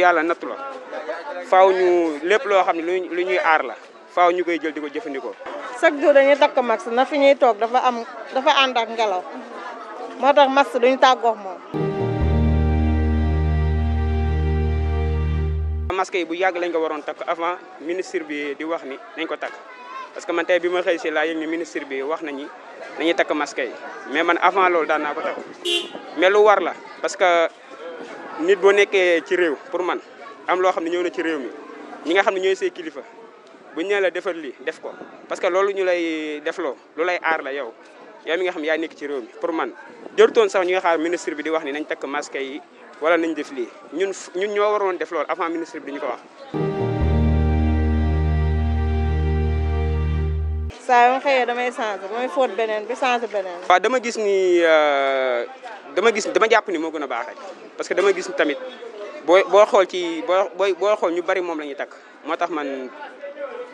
yalla nattu la faaw ñu lepp lo xamni lu ñuy ar la faaw ñukay jël di jëfëndiko sax do dañuy tak max na fi ñuy tok dafa am dafa and ak ngelaw motax max duñu tàggoo mo masque yi bu yag lañ ko waron tak avant ministre bi di wax ni nañ ko tak parce que man tay bima xey ci la yëg ni ministre bi wax nañu nañuy takk masque yi mais man avant lool da na ko tak mais lu war la parce que nit boo nekkee ci réew pour man am loo xam ne ñëw na ci réew mi ñi nga xam ne ñooy say kilifa bu ñu la defal li def ko parce que loolu ñu lay defloo lu lay aar la yow yow mi nga xam yaa nekk ci réew mi pour man jërtoon sax ñu nga xaar ministre bi di wax ni nañ takk masque yi wala nañ def lii ñun ñun ñoo waroon def loolu avant ministre bi di ñu ko wax saa yoo xëyee damay changé damay fóot beneen bi changé beneen. waaw dama gis nii euh, dama gis dama jàpp ni moo gën a baax rek parce que dama gis tamit boo boo xool ci boo boo xool ñu bari moom la ñuy takk moo tax man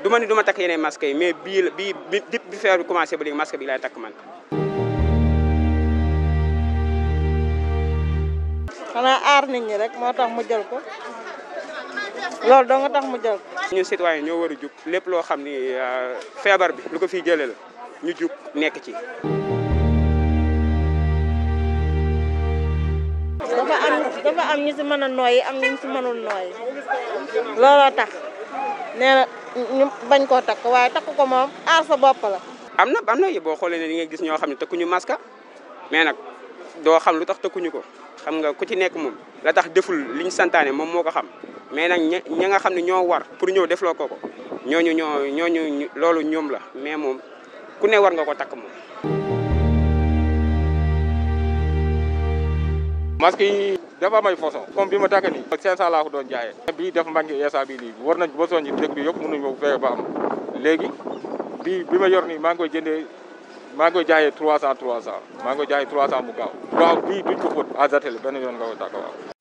duma ma duma du ma takk yeneen masque yi mais bii la bii bi bi feebar bi commencé ba léegi masque bi laay takk man. xanaa aar nit ñi rek moo tax mu jël ko. loolu doo nga tax mu jóg. ñu citoyen ñoo war a jug lépp loo xam ni euh, feebar bi lu ko fi jëlee la ñu jug nekk ci. dafa am dafa am ñu si mën a nooyi am ñu si mënul looloo tax nee ñu bañ koo takk waaye takk ko moom aar sa bopp la. am na am boo xoolee ne di nga gis ñoo xam ne takkuñu masque mais nag doo xam lu tax takkuñu ko. xam nga ku ci nekk moom la tax deful liñ ñu santaane moom moo ko xam mais nag ña nga xam ne ñoo war pour ñëw defloo ko ko ñooñu ñoo ñooñu loolu ñoom la mais moom ku ne war nga ko takk moom. masque yi dafa may façon comme bi ma tàkk nii. 500 laa ko doon jaayee. bii def mbangi eesa bii lii war nañ ba soññi dëkk bi yëpp mënuñu ko ba am léegi bi ma yor nii maa ngi koy jëndee. maa ngi koy jaayee 300 300 maa ngi koy jaayee 300 mu gaaw. waaw bii duñ ko fóot à Zatel benn yoon nga koy tàq waaw.